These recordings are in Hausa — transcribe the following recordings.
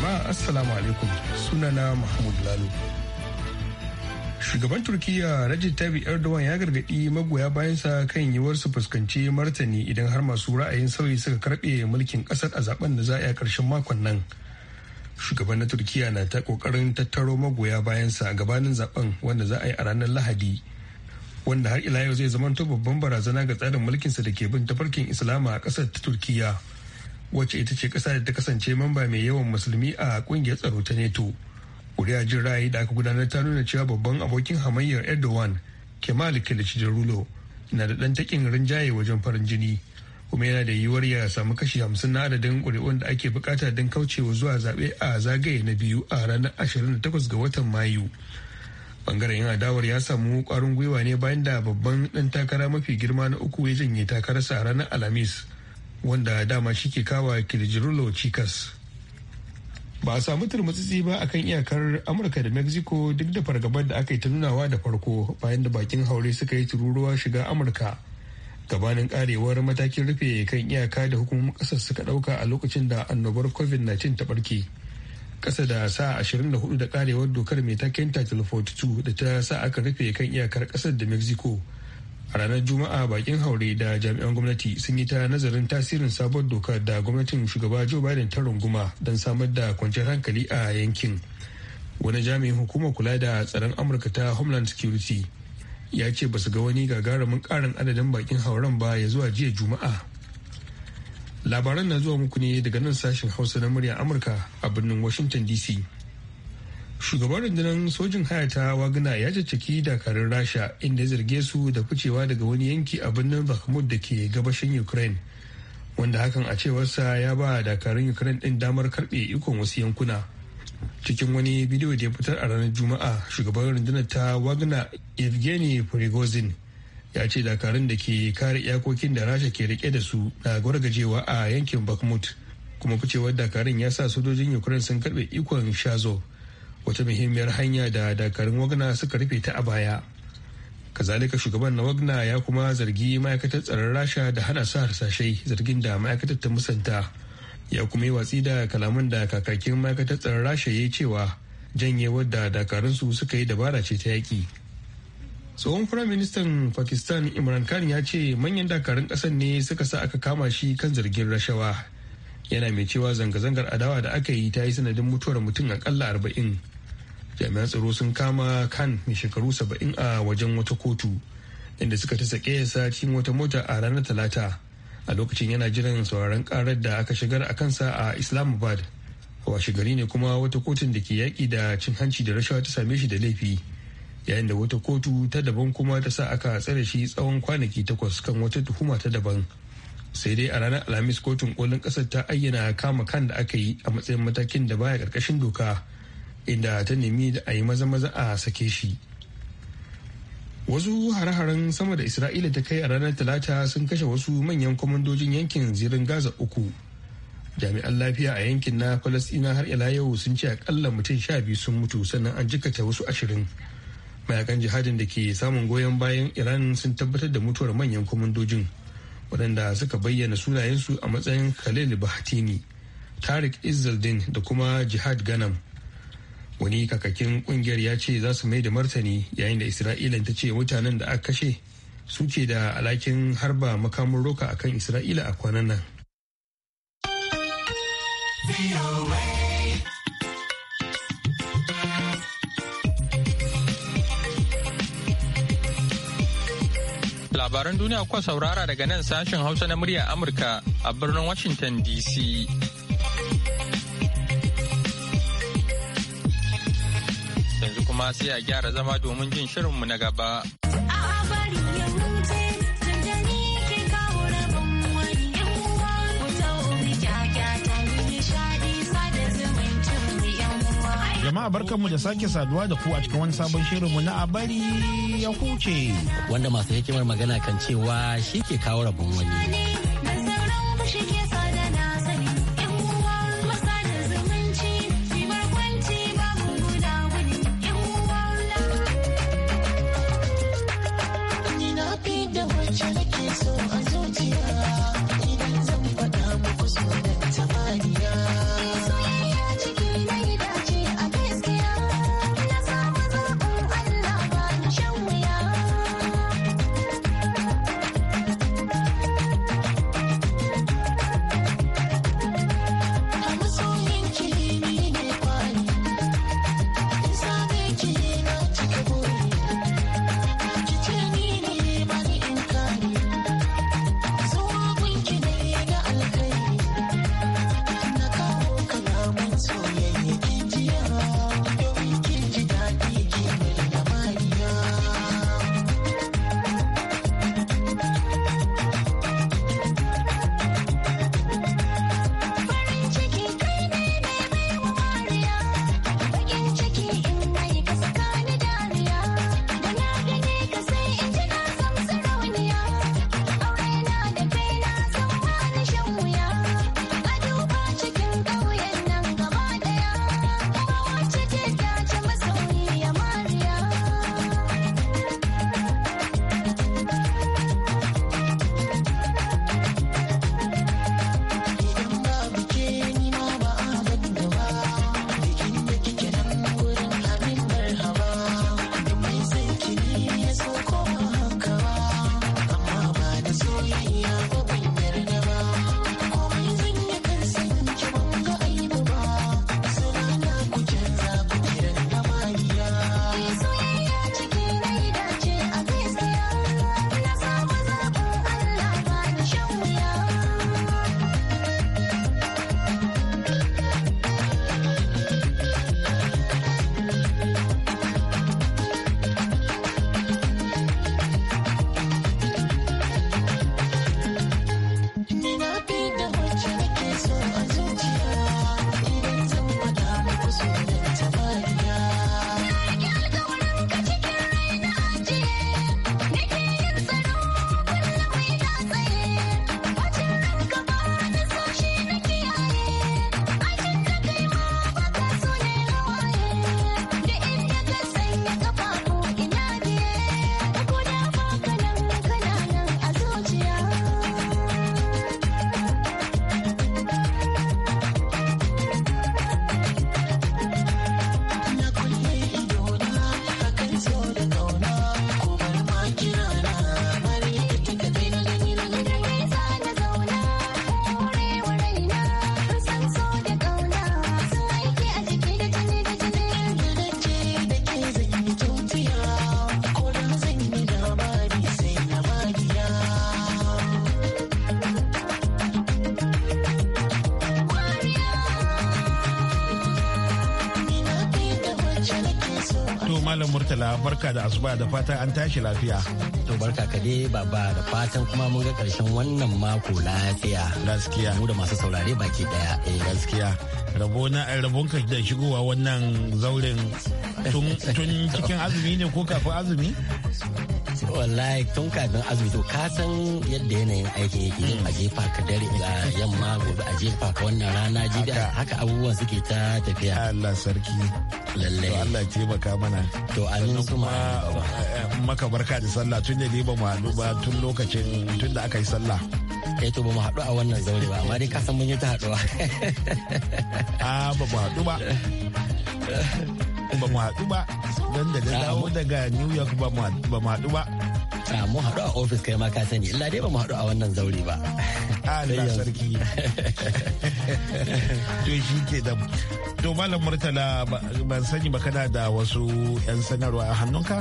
jama'a assalamu alaikum sunana mahmud lalo shugaban turkiya rajin tabi erdogan ya gargadi magoya bayansa kan yiwuwar su fuskanci martani idan har masu ra'ayin sauyi suka karbe mulkin ƙasar a zaben da za a yi a ƙarshen makon nan shugaban na turkiya na ta kokarin tattaro magoya bayansa a gabanin zaben wanda za a yi a ranar lahadi wanda har ila yau zai zamanto babban barazana ga tsarin mulkinsa da ke bin tafarkin islama a ƙasar ta turkiya wacce ita ce ƙasa da ta kasance mamba mai yawan musulmi a ƙungiyar tsaro ta neto Ƙuri'ajin jin ra'ayi da aka gudanar ta nuna cewa babban abokin hamayyar erdogan kemal rulo na da ɗan takin rinjaye wajen farin jini kuma yana da yiwuwar ya samu kashi hamsin na adadin ƙuri'un da ake bukata don kaucewa zuwa zaɓe a zagaye na biyu a ranar takwas ga watan mayu bangaren yin adawar ya samu ƙwarin gwiwa ne bayan da babban ɗan takara mafi girma na uku ya janye takararsa a ranar alhamis wanda dama shi ke kawa kirjirulo cikas ba a samu turmutsitsi ba a kan iyakar amurka da mexico duk da fargabar da aka yi ta nunawa da farko bayan da bakin haure suka yi tururuwa shiga amurka gabanin karewar matakin rufe kan iyaka da hukumomin kasar suka dauka a lokacin da annobar covid-19 ta barke kasa da sa 24 da karewar dokar mai taken title 42 da ta sa aka rufe kan iyakar kasar da mexico a ranar juma'a bakin haure da jami'an gwamnati sun yi ta nazarin tasirin sabon dokar da gwamnatin shugaba joe biden ta runguma don samar da kwanciyar hankali a yankin wani jami'in hukumar kula da tsaron amurka ta homeland security ya ce ba su ga wani gagarumin karin adadin bakin hauren ba ya zuwa jiya juma'a labaran na zuwa muku ne daga nan sashen hausa na murya amurka a birnin washington dc shugaban rundunar sojin haya ta wagna ya caccaki dakarun rasha inda ya zarge su da ficewa daga wani yanki a birnin bakhmut da ke gabashin ukraine wanda hakan a cewarsa ya ba dakarun ukraine din damar karbe ikon wasu yankuna cikin wani bidiyo da ya fitar a ranar juma'a shugaban rundunar ta wagna evgeny prigozhin ya ce dakarun da ke kare iyakokin da rasha ke rike da su na gwargajewa a yankin bakhmut kuma ficewar dakarun ya sa sojojin ukraine sun karbe ikon shazov wata muhimmiyar hanya da dakarun wagna suka rufe ta a baya kazalika shugaban na wagna ya kuma zargi ma'aikatar tsaron rasha da hana sa harsashai zargin da ma'aikatar ta musanta ya kuma yi watsi da kalaman da kakakin ma'aikatar tsaron rasha ya cewa janyewar da su suka yi dabara ce ta yaki. tsohon firaministan pakistan imran khan ya ce manyan dakarun ƙasar ne suka sa aka kama shi kan zargin rashawa yana mai cewa zanga-zangar adawa da aka yi ta yi sanadin mutuwar mutum akalla arba'in jami'an tsaro sun kama kan mai shekaru saba'in a wajen wata kotu inda suka ta sake sa cikin wata mota a ranar talata a lokacin yana jiran sauraron karar da aka shigar a kansa a islamabad washe gari ne kuma wata kotun da ke yaƙi da cin hanci da rashawa ta same shi da laifi yayin da wata kotu ta daban kuma ta sa aka tsare shi tsawon kwanaki takwas kan wata tuhuma ta daban sai dai a ranar alhamis kotun kolin ƙasar ta ayyana kama kan da aka yi a matsayin matakin da baya ƙarƙashin doka inda ta nemi da a yi maza-maza a sake shi wasu hare-haren sama da isra'ila ta kai a ranar talata sun kashe wasu manyan kwamandojin yankin zirin gaza uku jami'an lafiya a yankin na falastina har ila yau sun ce akalla mutum sha biyu sun mutu sannan an jikata wasu ashirin mayakan jihadin da ke samun goyon bayan iran sun tabbatar da mutuwar manyan kwamandojin waɗanda suka bayyana sunayensu a matsayin khalil bahatini tarik izzaldin da kuma jihad ganam wani kakakin kungiyar ya ce za su mai da martani yayin da isra'ila ta ce mutanen da aka kashe su ke da alakin harba makamun roka akan isra'ila a kwanan nan labaran duniya kuwa saurara daga nan sashen hausa na murya amurka a birnin washington dc amma sai a gyara zama domin jin shirinmu na gaba. jama'a barkanmu da sake saduwa da ku a cikin wani sabon shirinmu na abari ya huce wanda masu hikimar magana kan cewa shi ke kawo rabon wani Murtala barka da asuba da fata an tashi lafiya. To barka ka dai baba da fatan kuma mun ga karshen wannan mako lafiya. Gaskiya. Mu da masu saurare baki daya. Eh gaskiya. Rabo na rabon ka da shigowa wannan zauren tun cikin azumi ne ko kafin azumi? wallahi tun kafin azumi to ka san yadda yanayin aiki yake yin hmm. a jefa ka dare ga yamma gobe a jefa ka wannan rana jibi haka abubuwan suke ta tafiya Allah sarki lallai Allah ke baka mana to nan kuma eh, eh, maka barka da sallah tun da ni ba mu haɗu ba tun lokacin tun da aka yi sallah kai eh to ba mu haɗu a wannan zaure ba amma dai ka san mun yi ta haɗuwa a ah, ba mu haɗu ba ba mu haɗu ba don da da dawo daga New York ba mu haɗu ba mu haɗu ba ah, mu haɗu a ofis kai ma ka sani illa dai ba mu haɗu a wannan zaure ba Allah sarki to shi ke da to malam murtala ban sani ba kana da wasu yan sanarwa a hannunka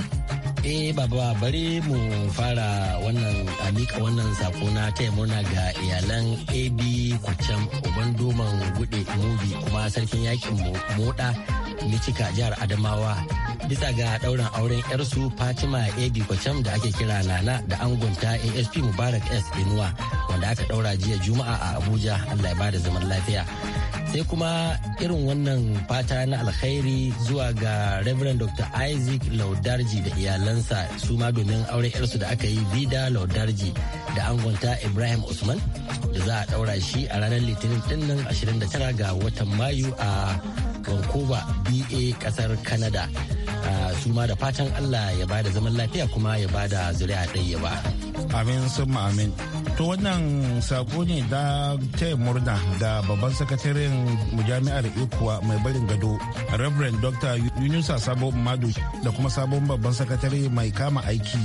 eh baba bari mu fara wannan amika wannan sako na taya murna ga iyalan ab kwacam obanduman doman gude mubi kuma sarkin yakin moda Nicika jihar Adamawa bisa ga ɗaurin auren 'yarsu Fatima Ebi Kwacham da ake kira Nana da angonta ASP Mubarak S Inuwa wanda aka ɗaura jiya Juma'a a Abuja Allah ya ba da zaman lafiya. Sai kuma irin wannan fata na alkhairi zuwa ga Reverend Dr. Isaac Laudarji da iyalansa su ma domin auren 'yarsu da aka yi Bida Laudarji da angonta Ibrahim Usman da za a ɗaura shi a ranar Litinin ɗinnan 29 ga watan Mayu a vancouver ba kasar canada ah, su ma da fatan allah ya ba da zaman lafiya kuma ya ba da zuri'a ya ba amin sun amin to wannan sako ne da murna da babban sakataren mujami'ar ikuwa mai barin gado reverend dr yunusa sabo madu da kuma sabon babban sakatare mai kama aiki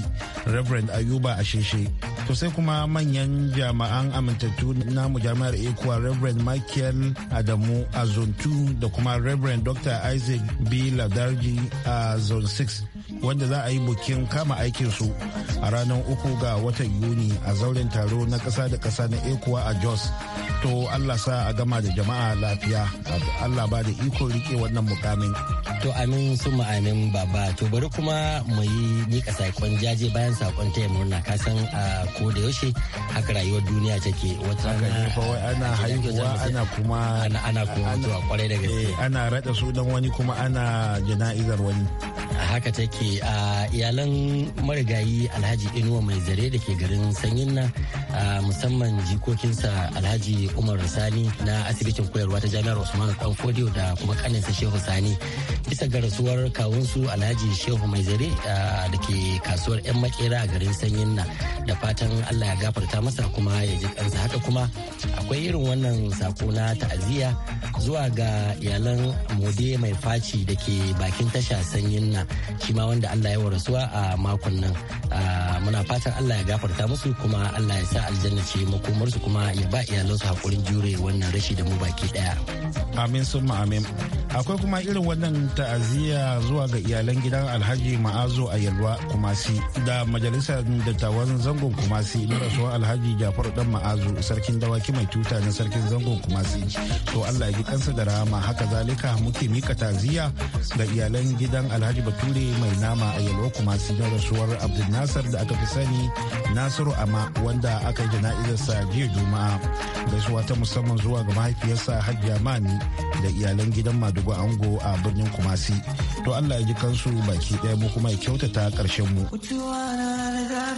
reverend ayuba asheshe to sai kuma manyan jami'an amintattu namu jami'ar ekuwa reverend michael adamu a zone 2 da kuma reverend dr isaac b ladarji a zone 6 wanda za a yi bukin kama aikinsu a ranar uku ga watan yuni a zauren taro na ƙasa da ƙasa na ekuwa a jos to allah sa a gama da jama'a lafiya allah ba da iko rike wannan mukamin to amin su amin baba to bari kuma mu yi nika sakon jaje bayan sakon taya murna kasan a ah, ko da yaushe haka rayuwar duniya take wata rana ana haihuwa ana kuma ana kuma mutuwa kwarai da gaske eh, ana rada sunan wani kuma ana jana'izar wani haka take a iyalan marigayi alhaji inuwa mai zare da ke garin sanyin nan a musamman jikokinsa alhaji umar sani na asibitin koyarwa ta jami'ar usman kwankodiyo da kuma kaninsa shehu sani bisa ga rasuwar kawunsu alhaji shehu mai zare da ke kasuwar 'yan makera a garin sanyin na da fatan allah ya gafarta masa kuma ya ji kansa haka kuma akwai irin wannan sako na ta'aziyya zuwa ga iyalan mode mai faci da ke bakin tasha sanyin na shi ma wanda allah ya rasuwa a makon nan muna fatan allah ya gafarta musu kuma allah ya sa aljanna ce makomarsu kuma ya ba iyalansu hakurin jure wannan rashi da mu baki ɗaya. Amin sun amin. akwai kuma irin wannan ta'aziyya zuwa ga iyalan gidan alhaji ma'azo a yalwa kumasi da majalisar dattawan zangon kumasi na rasuwar alhaji jafar dan ma'azo sarkin dawaki mai tuta na sarkin zangon kumasi to allah ya ji kansa da rahama haka zalika muke mika ta'aziyya ga iyalan gidan alhaji bature mai nama a yalwa kumasi na rasuwar abdul nasar da aka fi sani nasiru ama wanda aka yi sa jiya juma'a gaisuwa ta musamman zuwa ga mahaifiyarsa hajji amani da iyalan gidan madu dogo ango a birnin kumasi to allah ya ji kansu baki ɗaya mu kuma ya kyautata ƙarshen mu kutuwa na da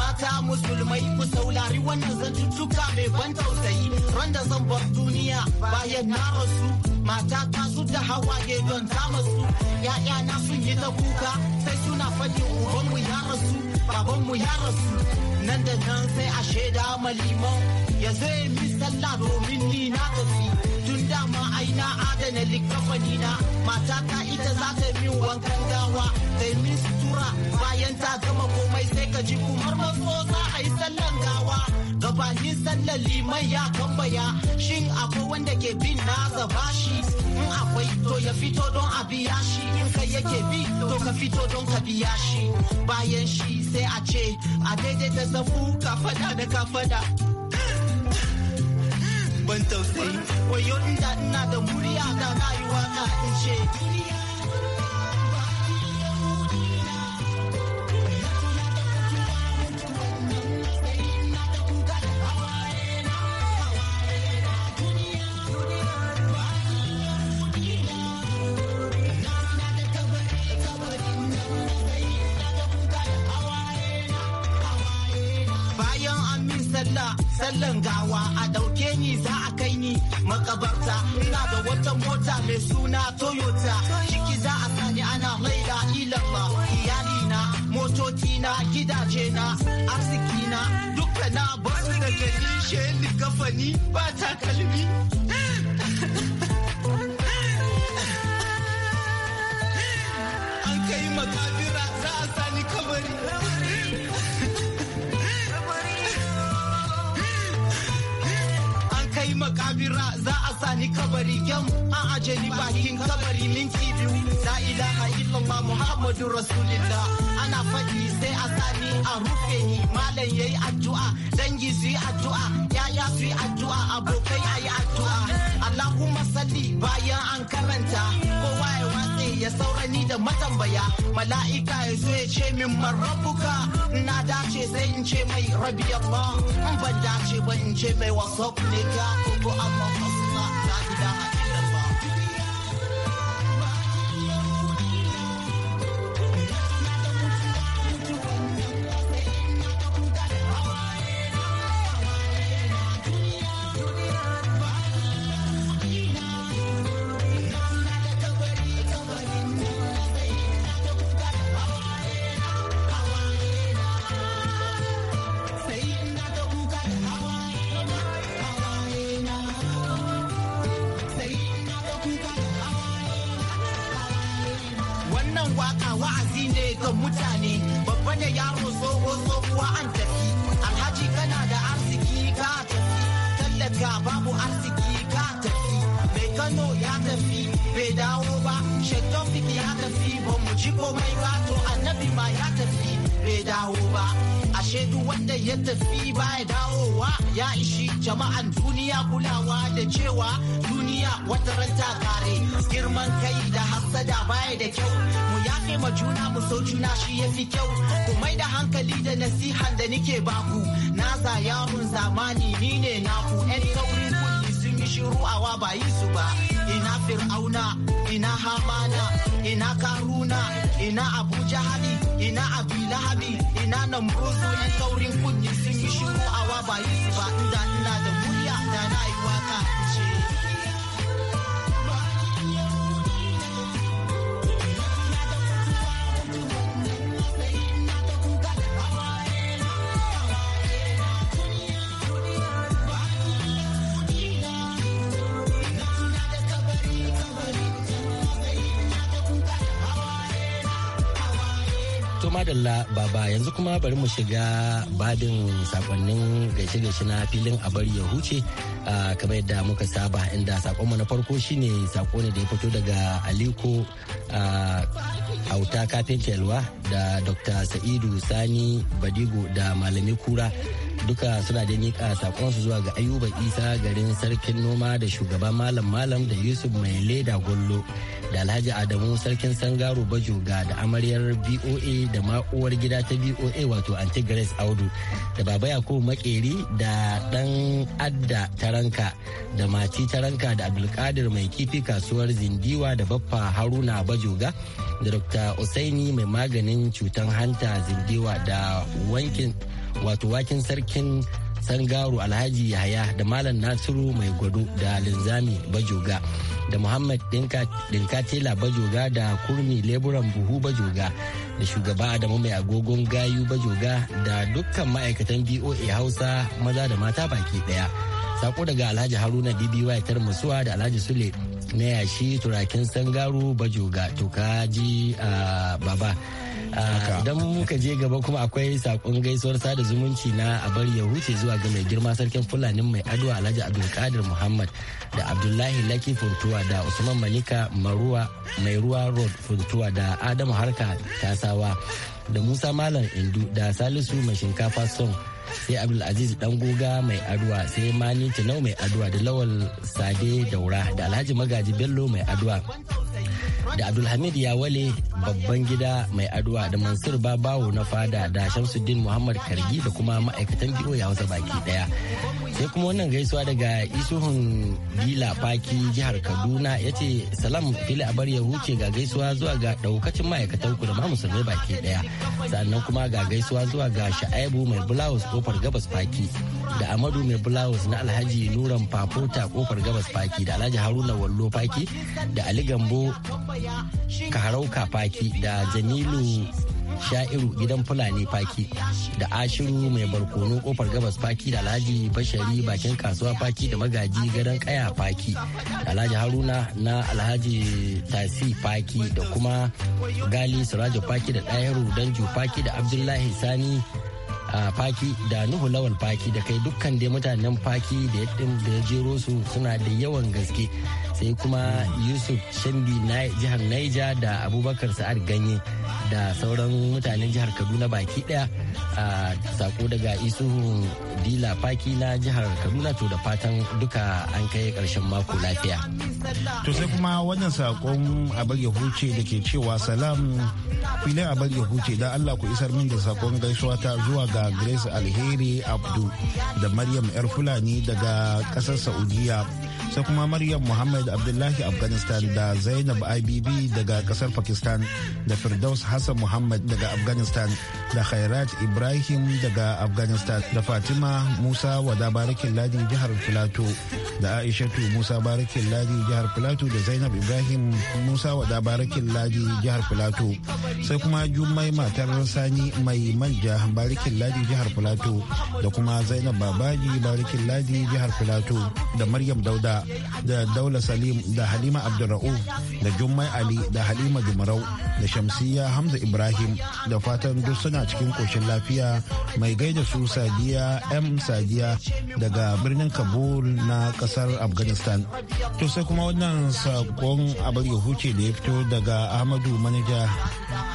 mata musulmai ku saulari wannan zantuttuka mai ban tausayi ran da zan bar duniya bayan na rasu mata ta su da hawaye don ta masu ya'ya na sun yi ta kuka sai suna faɗi ubanmu ya rasu babanmu ya rasu nan da nan sai a shaida liman ya zai mi sallah domin ni na tafi tun dama aina adana likafani na mata ta ita za ta min wankan gawa sai min jura bayan ta gama komai sai ka ji kumar matso za a yi sallan gawa gabanin sallan liman ya kambaya shin akwai wanda ke bin na zaba shi in akwai to ya fito don a biya shi in kai yake bi to ka fito don ka biya shi bayan shi sai a ce a da zafu ka fada da ka fada ban tausayi wayo inda ina da murya da rayuwa na in ce sallan gawa a dauke ni za a kai ni makabarta ina da wata mota mai suna toyota ciki za a sani ana laila ilalla iyali na motoci na gidaje na arziki na duka na basu da gani sheli kafani ba takalmi kabari a ajali bakin kabari minti biyu la ilaha illallah muhammadu rasulillah ana fadi sai a sani a rufe ni malam yayi addu'a dangi su yi addu'a yaya su yi addu'a abokai ayi addu'a allahumma salli bayan an karanta kowa ya watse ya saurani da matambaya mala'ika ya zo ya ce min marabuka na dace sai in ce mai rabi ba in ban dace ba in ce mai wasu ne ga ko amma. komai ba to annabi ma ya tafi bai dawo ba ashe duk wanda ya tafi ba ya dawowa ya ishi jama'an duniya kulawa da cewa duniya wata ranta kare girman kai da hassada baya da kyau mu yafe ma juna mu so juna shi ya fi kyau ku da hankali da nasihan da nike baku na za mun zamani ni ne naku yan saurin kulli sun yi shiru awa ba yi su ba ina fir'auna ina hamana ina Kaduna, ina abuja jahali ina abu lahabi ina Namrozo bozo saurin kunyi sun yi shigo awa ba yi ba inda ina da murya da na yi waka da madalla baba yanzu kuma bari mu shiga badin sakonnin gaishe-gaishe na filin a bari ya huce kamar yadda muka saba inda sakonmu na farko shine sako ne da ya fito daga Aliko Hauta kafin Yalwa da Dr. Sa'idu Sani Badigo da Malami Kura duka suna da nika su zuwa ga ayuba isa garin sarkin noma da shugaba malam malam da yusuf mai leda gollo da alhaji adamu sarkin sangaro bajoga da amaryar boa da ma'uwar gida ta boa wato anti grace audu da baba yakubu makeri da dan adda taranka da mati taranka da abdulkadir mai kifi kasuwar zindiwa da baffa haruna bajoga da dr usaini mai maganin cutan hanta zindiwa da wankin wato wakin sarkin sangaru alhaji yahaya da malam nasiru mai gwado da linzami bajoga da muhammad dinkatela bajoga da kurmi leburan buhu bajoga da shugaba adamu mai agogon gayu bajoga da dukkan ma'aikatan boa hausa maza da mata baki daya sako daga alhaji haruna dby tarmasuwa da alhaji sule na yashi turakin sangaru bajoga to kaji a ah, baba idan muka je gaba kuma akwai sakon gaisuwar sada zumunci na a bari ya huce zuwa ga mai girma sarkin fulani mai adwa alhaji abdulkadir muhammad da abdullahi laki funtuwa da usman malika maruwa mai ruwa road funtuwa da adamu harka tasawa da musa malam indu da salisu mai shinkafa song sai abdulaziz dan goga mai aduwa sai mani tinau mai aduwa da lawal sade daura da alhaji magaji bello mai aduwa da abdulhamid Wale babban gida mai aduwa da mansur babawo na fada da shamsuddin muhammad kargi da kuma ma'aikatan biyo ya hausa baki daya sai kuma wannan gaisuwa daga isuhun gila faki jihar kaduna yace ce salam fili abar ya huce ga gaisuwa zuwa ga daukacin ma'aikatan ku da ma musulmai baki daya sannan kuma ga gaisuwa zuwa ga sha'aibu mai bulawus kofar gabas faki da amadu mai bulawus na alhaji nuran fafota kofar gabas faki da alhaji haruna wallo faki da ali gambo kaharau paki da jamilu sha'iru gidan fulani faki da ashiru mai barkono kofar gabas faki da alhaji bashari bakin kasuwa faki da magaji gadon kaya faki da alhaji haruna na alhaji tasi faki da kuma gali surajo faki da ɗayaru danju faki da abdullahi sani a faki da nuhu lawan faki da kai dukkan dai mutanen faki da ya jero su suna da yawan gaske sai kuma yusuf shandi na jihar naija da abubakar sa'ad ganye da sauran mutanen jihar kaduna baki daya a sako daga isuhu dila faki na jihar kaduna to da fatan duka an kai karshen mako lafiya to sai kuma wannan sakon abar bar da ke cewa salam filin abar bar da allah ku isar min da sakon gaisuwa ta zuwa ga grace alheri abdu da maryam yar fulani daga kasar saudiya sai kuma maryam muhammad abdullahi afghanistan da zainab ibb daga kasar pakistan da firdaus hassan muhammad daga afghanistan da khairat ibrahim daga afghanistan da fatima musa wada barakin ladi jihar filato da aishatu musa barakin ladi jihar filato da zainab ibrahim musa wada barakin ladi jihar filato sai kuma jummai matar sani mai manja barakin ladi jihar filato da kuma zainab babaji barakin ladi jihar filato da maryam dauda da Daula Salim da Halima Abdurra'u da Jummai Ali da Halima Jumarau da Shamsiya Hamza Ibrahim da fatan duk suna cikin koshin lafiya mai gaida su Sadiya M Sadiya daga birnin Kabul na kasar Afghanistan. To sai kuma wannan sakon abar ya huce da ya fito daga Ahmadu manija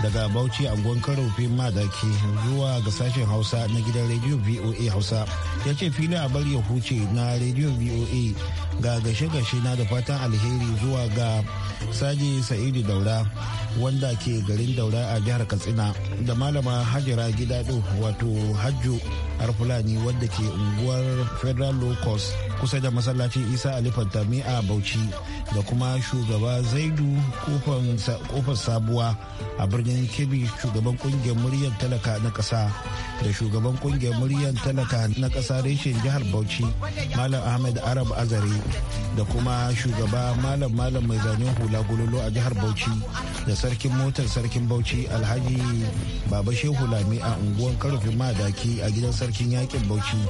daga Bauchi angon Karofin Madaki zuwa ga sashen Hausa na gidan rediyo VOA Hausa. Ya ce fili abar ya huce na rediyo VOA ga gashe-gashe na da fatan alheri zuwa ga saji sa'idu daura wanda ke garin daura a jihar katsina da malama hajjira gidado wato hajju har fulani wadda ke unguwar federal low cost kusa da masallacin isa ali fantami a bauchi da kuma shugaba zaidu kofar sabuwa a birnin kebbi shugaban kungiyar muryar talaka na kasa da shugaban kungiyar muryar talaka na kasa reshen jihar bauchi malam ahmed arab azare da kuma shugaba malam malam mai zanen hula gululu a jihar bauchi da sarkin motar sarkin bauchi alhaji baba shehu lami a unguwar karfin madaki a gidan sarkin yakin bauchi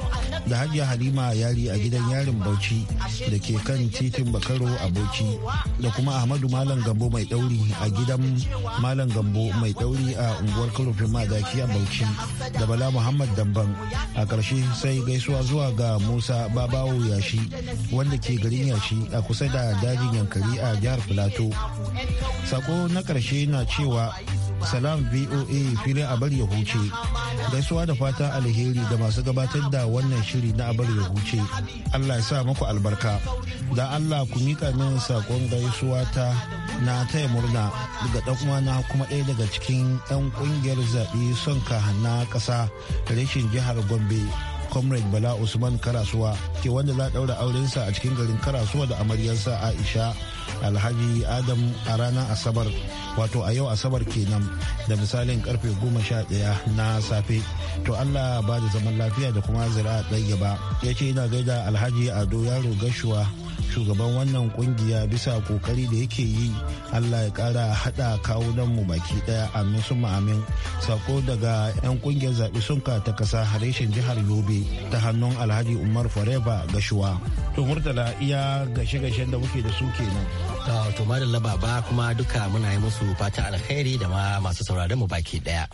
da hajji halima yari a gidan yarin bauchi da ke kan titin bakaro a bauchi da kuma ahmadu malam gambo mai dauri a gidan malam gambo mai dauri a unguwar karofin madaki a bauchi da bala muhammad damban a ƙarshe sai gaisuwa zuwa ga musa babawo yashi wanda ke garin yashi a kusa da dajin yankari a jihar filato sako na ƙarshe na cewa salam voa a abar ya huce gaisuwa da fata alheri da masu gabatar da wannan shiri na abar ya huce allah ya sa muku albarka da allah ku mika min sakon gaisuwa ta na taya murna daga dan na kuma ɗaya daga cikin 'yan ƙungiyar zaɓe ka na ƙasa rashin jihar gombe comrade bala usman karasuwa ke wanda za a ɗaura aurensa a cikin garin karasuwa da amaryarsa aisha alhaji adam a ranar asabar wato a yau asabar kenan da misalin karfe goma sha 11 na safe to allah ba da zaman lafiya da kuma zira ɗaya ba ya ce yana gaida alhaji ado yaro gashuwa shugaban wannan kungiya bisa kokari da yake yi allah ya kara hada kawunan mu baki daya amin sun amin sako daga yan kungiyar zaɓi ka ta kasa harishin jihar yobe ta hannun alhaji umar fareba gashuwa to murtala iya gashe-gashen da muke da su kenan to madalla baba kuma duka muna yi musu fata alkhairi da ma masu sauraron mu baki daya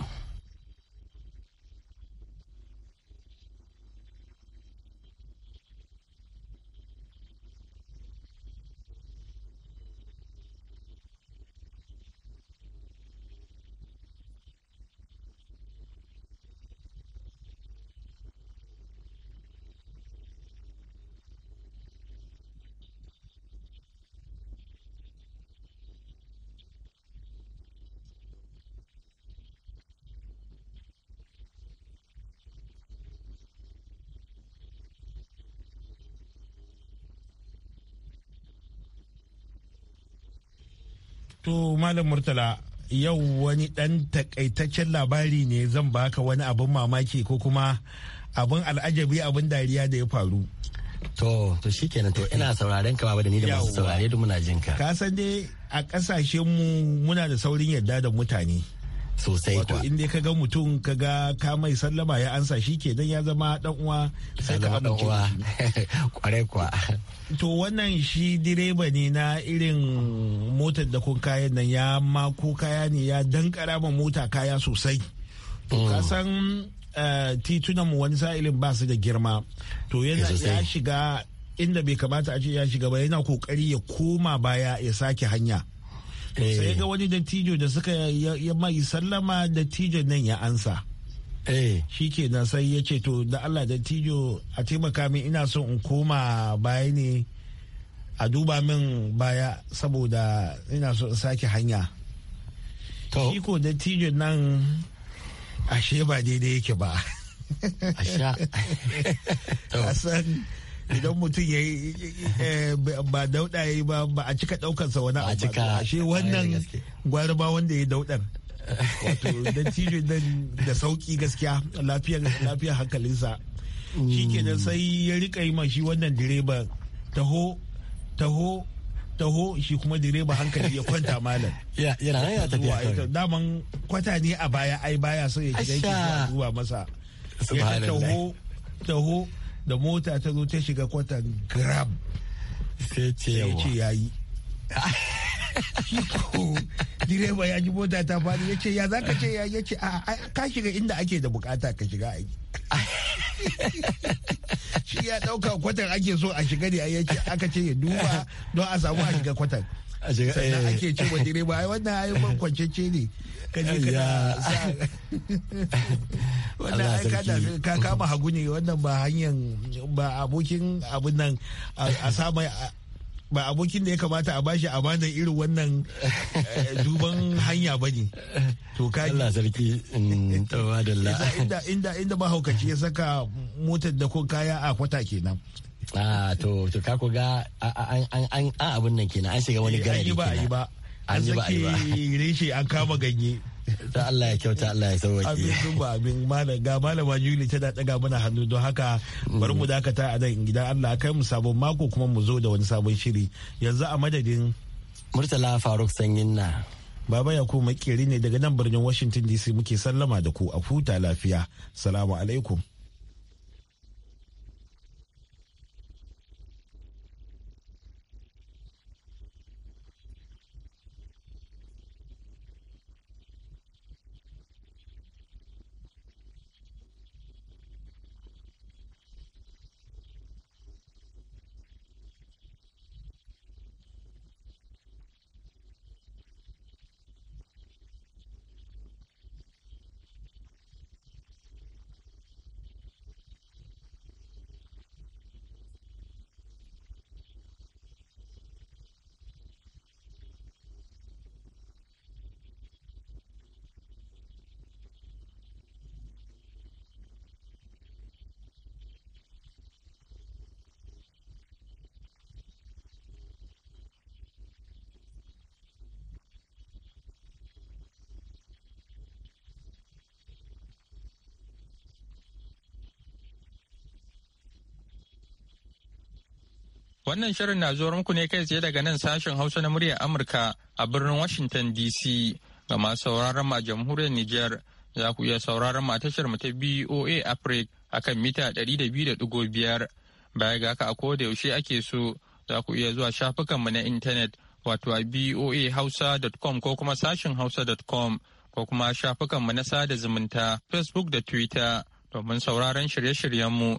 To Malam Murtala yau wani ɗan takaitaccen labari ne zan baka wani abin mamaki ko kuma abin al'ajabi abin dariya da ya faru. To, to shi kenan to ina sauraren ka da ni da masu saurare duk muna jinka. ka. san dai a kasashen mu muna da saurin yadda da mutane. sosai kuwa wato inda ka kaga mutum kaga ka mai sallama ya ansa shi ke dan ya zama dan uwa sai ka dan uwa kwarai kuwa to wannan shi direba ne na irin motar da kun kayan nan ya mako kaya ne ya dankara ma mota kaya sosai to ka mm. san eh, titunan mu wani sa'ilin ba su da girma to eh, yana ya shiga inda bai kamata a ce ya shiga ba yana kokari ya koma baya ya sake hanya sai eh. ga wani dattijo da suka ya mai sallama dattijo nan ya ansa eh. shi ke na sai ya ce to da allah dattijo a taimaka min ina son in koma baya ne a duba min baya saboda ina so in sake hanya shi ko dattijo nan ashe ba daidai yake ba idan mutum ya yi eh, eh, ba dauɗa ya yi ba ba a cika ɗaukansa wani abu ba shi wannan gwari ba wanda ya dauɗar wato da tijo da sauki gaskiya lafiyar lafiyar hankalinsa shi da sai ya rika yi ma shi wannan direba taho taho taho shi kuma direba hankali ya kwanta malam. Yana nan ya tafiya Daman kwata ne a baya ai baya sai ya gidan zuwa masa. Ya taho taho da mota ta zo ta shiga kwatan grab sai ce ya yi direba ya ji mota ta faɗi ya ce ya za ka ce ya ya ce ka shiga inda ake da bukata ka shiga aiki shi ya ɗauka kwatan ake so a shiga ne ya ce aka ce ya duba don a samu a shiga kwatan sannan eh. ake ce wa direba ai wannan ai ban kwancece ne Ka kaje kana wannan ai kada ka kama hagu ne wannan ba hanyar ba abokin abun nan a samai ba abokin da ya kamata a bashi amanar irin wannan eh, duban hanya ba ne. To ka Allah sarki mm, inda inda ba haukaci ya saka motar da ko kaya a kwata kenan. a ah, to to ka ku ga an an abun nan kenan an shiga wani gari kenan ba an yi ba an saki reshe an kama ganye ta Allah ya kyauta Allah ya sauwake amin sun ba amin malam ga malama Juli tana daga mana hannu don haka bari mu mm. dakata a nan gidan Allah kai mu sabon mako kuma mu zo da wani sabon shiri yanzu a madadin Murtala Faruk Sanyin na Baba Yakubu makeri ne daga nan birnin Washington DC muke sallama da ku a huta lafiya salamu alaikum Wannan shirin na zuwa muku ne kai tsaye daga nan sashen Hausa na muryar Amurka a birnin Washington DC ga masu sauraron ma jamhuriyar Nijar za ku iya sauraron ma tashar mu ta BOA Africa kan mita 200.5 baya ga haka a koda yaushe ake so za ku iya zuwa shafukan mu na intanet wato a boahausa.com ko kuma sashin hausa.com ko kuma mu na sada zumunta facebook da twitter domin sauraron shirye-shiryenmu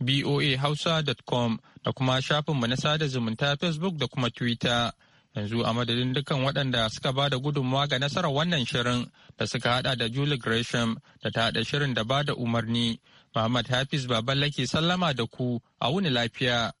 boahausa.com da kuma shafinmu na sada zumunta facebook da kuma twitter yanzu a madadin dukkan waɗanda suka ba da gudunmawa ga nasarar wannan shirin da suka hada da julie gresham da ta hada shirin da ba da umarni muhammad hafiz baballake sallama da ku a wuni lafiya